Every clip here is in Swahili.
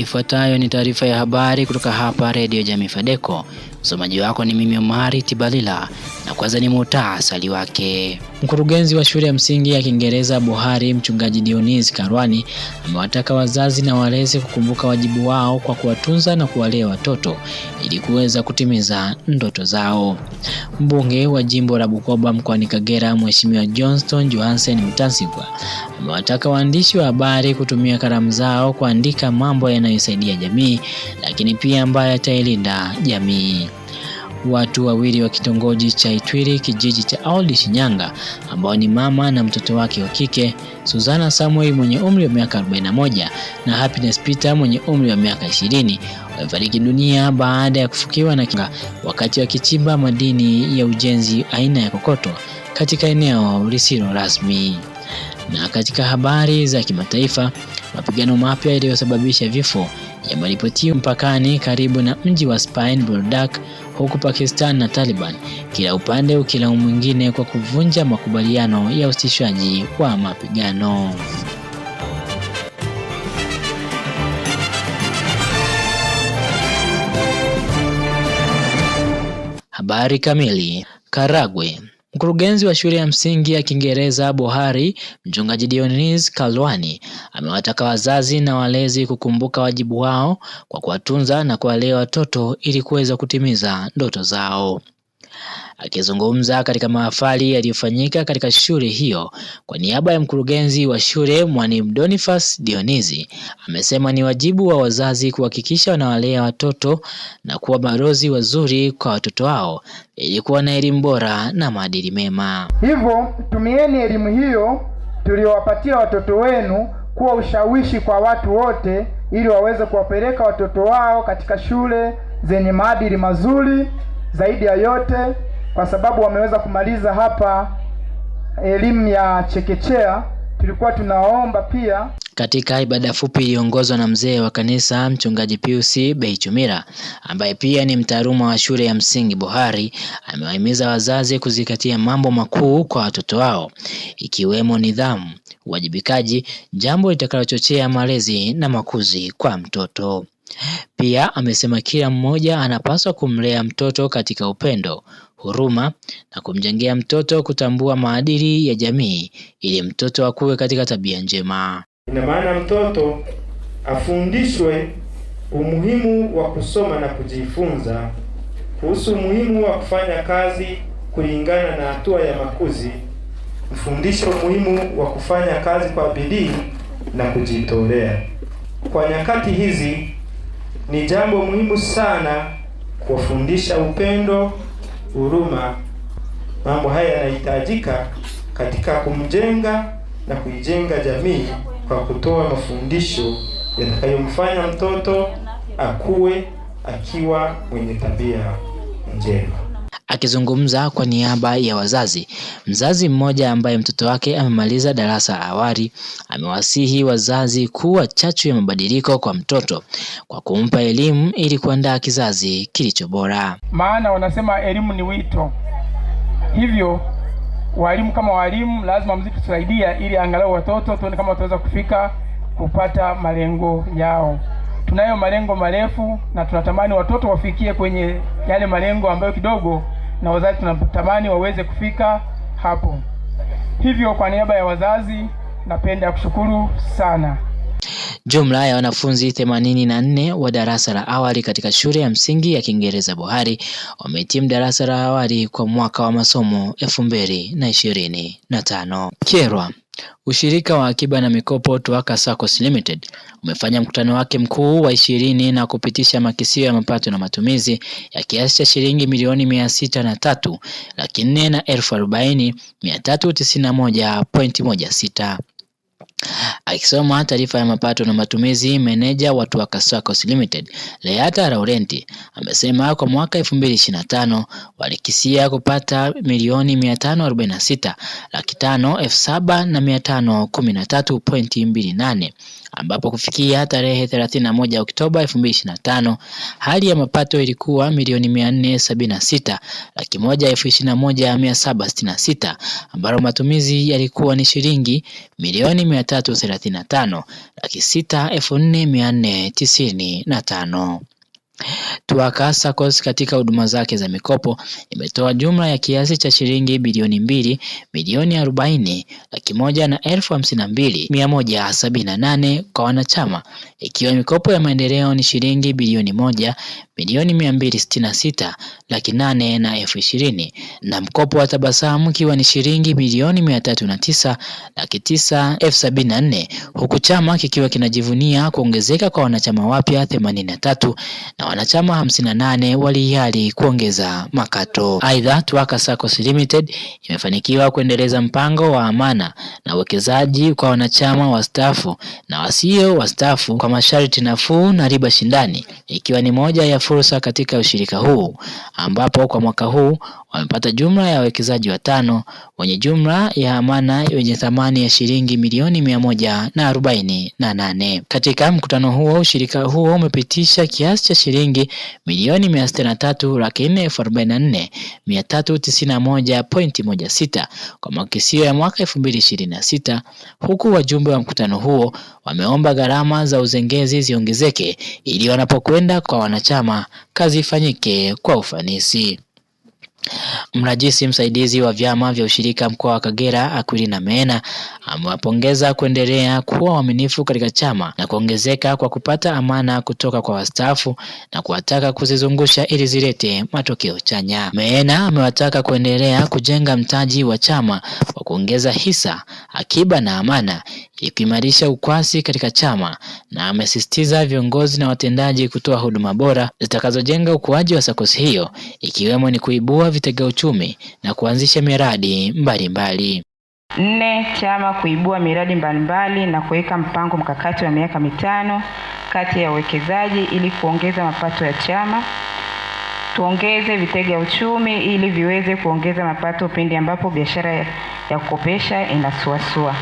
Ifuatayo ni taarifa ya habari kutoka hapa redio Jamii Fadeco Msomaji wako ni mimi Omari Tibalila na kwanza ni muhtasari wake. Mkurugenzi wa shule ya msingi ya Kiingereza buhari Mchungaji Dionis Karwani amewataka wazazi na walezi kukumbuka wajibu wao kwa kuwatunza na kuwalea watoto ili kuweza kutimiza ndoto zao. Mbunge wa jimbo la Bukoba mkoani Kagera, Mheshimiwa Johnston Johansen Mtansigwa amewataka waandishi wa habari kutumia kalamu zao kuandika mambo yanayosaidia jamii, lakini pia ambayo yatailinda jamii. Watu wawili wa kitongoji cha Itwiri kijiji cha Aoldi Shinyanga, ambao ni mama na mtoto wake wa kike Suzana Samuel mwenye umri wa miaka 41 na Happiness Peter mwenye umri wa miaka 20 wamefariki dunia baada ya kufukiwa na kinga wakati wakichimba madini ya ujenzi aina ya kokoto katika eneo lisilo rasmi. Na katika habari za kimataifa, mapigano mapya yaliyosababisha vifo yameripotiwa mpakani karibu na mji wa Spain Boldak huku Pakistan na Taliban kila upande ukilaumu mwingine kwa kuvunja makubaliano ya usitishaji wa mapigano. Habari kamili. Karagwe Mkurugenzi wa shule ya msingi ya Kiingereza Bohari, Mchungaji Dionis Kalwani amewataka wazazi na walezi kukumbuka wajibu wao kwa kuwatunza na kuwalea watoto ili kuweza kutimiza ndoto zao. Akizungumza katika mahafali yaliyofanyika katika shule hiyo kwa niaba ya mkurugenzi wa shule Mwalimu Donifas Dionisi, amesema ni wajibu wa wazazi kuhakikisha wanawalea watoto na kuwa balozi wazuri kwa watoto wao ili kuwa na elimu bora na maadili mema. Hivyo tumieni elimu hiyo tuliyowapatia watoto wenu kuwa ushawishi kwa watu wote ili waweze kuwapeleka watoto wao katika shule zenye maadili mazuri zaidi ya yote, kwa sababu wameweza kumaliza hapa elimu ya chekechea, tulikuwa tunaomba pia katika ibada fupi iliyoongozwa na mzee wa kanisa Mchungaji Pius Beichumira ambaye pia ni mtaaluma wa shule ya msingi Bohari, amewahimiza wazazi kuzingatia mambo makuu kwa watoto wao ikiwemo nidhamu, uwajibikaji, jambo litakalochochea malezi na makuzi kwa mtoto. Pia amesema kila mmoja anapaswa kumlea mtoto katika upendo, huruma na kumjengea mtoto kutambua maadili ya jamii ili mtoto akuwe katika tabia njema. Ina maana mtoto afundishwe umuhimu wa kusoma na kujifunza, kuhusu umuhimu wa kufanya kazi kulingana na hatua ya makuzi, mfundishe umuhimu wa kufanya kazi kwa bidii na kujitolea. Kwa nyakati hizi ni jambo muhimu sana kuwafundisha upendo, huruma. Mambo haya yanahitajika katika kumjenga na kuijenga jamii kwa kutoa mafundisho yatakayomfanya mtoto akue akiwa mwenye tabia njema. Akizungumza kwa niaba ya wazazi, mzazi mmoja ambaye mtoto wake amemaliza darasa la awali amewasihi wazazi kuwa chachu ya mabadiliko kwa mtoto kwa kumpa elimu ili kuandaa kizazi kilicho bora. Maana wanasema elimu ni wito, hivyo walimu kama walimu lazima mzidi tusaidia, ili angalau watoto tuone kama wataweza kufika kupata malengo yao. Tunayo malengo marefu na tunatamani watoto wafikie kwenye yale malengo ambayo kidogo na wazazi tunatamani waweze kufika hapo. Hivyo kwa niaba ya wazazi napenda kushukuru sana. Jumla ya wanafunzi themanini na nne wa darasa la awali katika shule ya msingi ya Kiingereza Bohari wamehitimu darasa la awali kwa mwaka wa masomo elfu mbili na ishirini na tano. Kyerwa Ushirika wa Akiba na Mikopo Tuaka Saccos Limited umefanya mkutano wake mkuu wa ishirini na kupitisha makisio ya mapato na matumizi ya kiasi cha shilingi milioni mia sita na tatu laki nne na elfu arobaini mia tatu tisini na moja pointi moja sita. Akisoma taarifa ya mapato na matumizi, meneja wa Tusker Sacco Limited, Leata Laurent amesema kwa mwaka 2025 walikisia kupata milioni 546 laki tano elfu saba na mia tano kumi na tatu mbili nane ambapo kufikia tarehe 31 Oktoba 2025 hali ya mapato ilikuwa milioni 476 laki moja elfu ishirini na moja mia saba sitini na sita ambalo matumizi yalikuwa ni shilingi milioni 335 laki sita elfu nne mia nne tisini na tano. Tuakasa Coast katika huduma zake za mikopo imetoa jumla ya kiasi cha shilingi bilioni mbili milioni arobaini laki moja na elfu hamsini na mbili mia moja sabini na nane kwa wanachama, ikiwa mikopo ya maendeleo ni shilingi bilioni moja milioni mia mbili sitini na sita laki nane na elfu ishirini na mkopo wa Tabasamu ukiwa ni shilingi milioni mia tatu na tisa laki tisa elfu sabini na nne huku chama kikiwa kinajivunia kuongezeka kwa wanachama wapya themanini na tatu na wanachama hamsini na nane walihiari kuongeza makato. Aidha, Tuwaka SACCOS Limited imefanikiwa kuendeleza mpango wa amana na uwekezaji kwa wanachama wastaafu na wasio wastaafu kwa masharti nafuu na riba shindani ikiwa ni moja ya fursa katika ushirika huu ambapo kwa mwaka huu wamepata jumla ya wawekezaji watano wenye jumla ya amana yenye thamani ya shilingi milioni mia moja na arobaini na nane. Katika mkutano huo, ushirika huo umepitisha kiasi cha shilingi milioni mia sitini na tatu laki nne elfu arobaini na nne mia tatu tisini na moja pointi moja sita kwa makisio ya mwaka elfu mbili ishirini na sita huku wajumbe wa mkutano huo wameomba gharama za uzengezi ziongezeke ili wanapokwenda kwa wanachama kazi ifanyike kwa ufanisi. Mrajisi msaidizi wa vyama vya ushirika mkoa wa Kagera Akwili meena amewapongeza kuendelea kuwa waaminifu katika chama na kuongezeka kwa kupata amana kutoka kwa wastaafu na kuwataka kuzizungusha ili zilete matokeo chanya. Meena amewataka kuendelea kujenga mtaji wa chama kwa kuongeza hisa, akiba na amana ili kuimarisha ukwasi katika chama na amesisitiza viongozi na watendaji kutoa huduma bora zitakazojenga ukuaji wa SACCOS hiyo ikiwemo ni kuibua vitega uchumi na kuanzisha miradi mbalimbali. Nne, chama kuibua miradi mbalimbali na kuweka mpango mkakati wa miaka mitano kati ya uwekezaji ili kuongeza mapato ya chama. Tuongeze vitega uchumi ili viweze kuongeza mapato pindi ambapo biashara ya kukopesha inasuasua.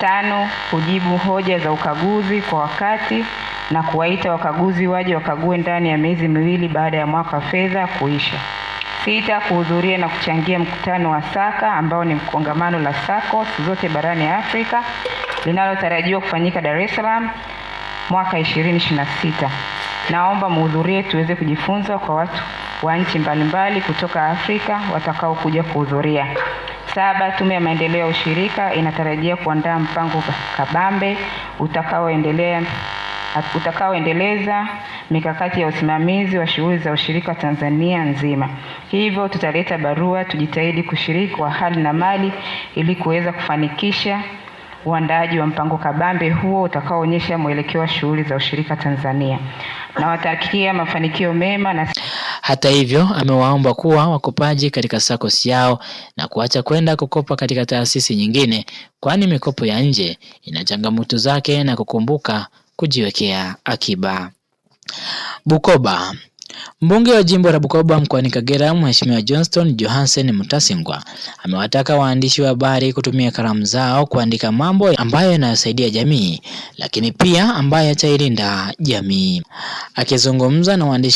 Tano, kujibu hoja za ukaguzi kwa wakati na kuwaita wakaguzi waje wakague ndani ya miezi miwili baada ya mwaka wa fedha kuisha. Sita, kuhudhuria na kuchangia mkutano wa SACA ambao ni kongamano la SACCOS zote barani Afrika linalotarajiwa kufanyika Dar es Salaam mwaka 2026. Naomba muhudhurie tuweze kujifunza kwa watu wa nchi mbalimbali kutoka Afrika watakaokuja kuhudhuria. Saba, Tume ya Maendeleo ya Ushirika inatarajia kuandaa mpango kabambe utakaoendelea utakaoendeleza mikakati ya usimamizi wa shughuli za ushirika Tanzania nzima. Hivyo tutaleta barua, tujitahidi kushiriki kwa hali na mali ili kuweza kufanikisha uandaaji wa mpango kabambe huo utakaoonyesha mwelekeo wa shughuli za ushirika Tanzania. Nawatakia mafanikio mema na... Hata hivyo, amewaomba kuwa wakopaji katika SACCOS yao na kuacha kwenda kukopa katika taasisi nyingine, kwani mikopo ya nje ina changamoto zake na kukumbuka kujiwekea akiba. Bukoba. Mbunge wa jimbo la Bukoba mkoani Kagera, Mheshimiwa Johnston Johansen Mutasingwa amewataka waandishi wa habari kutumia kalamu zao kuandika mambo ambayo yanayosaidia jamii, lakini pia ambayo yatailinda jamii. Akizungumza na waandishi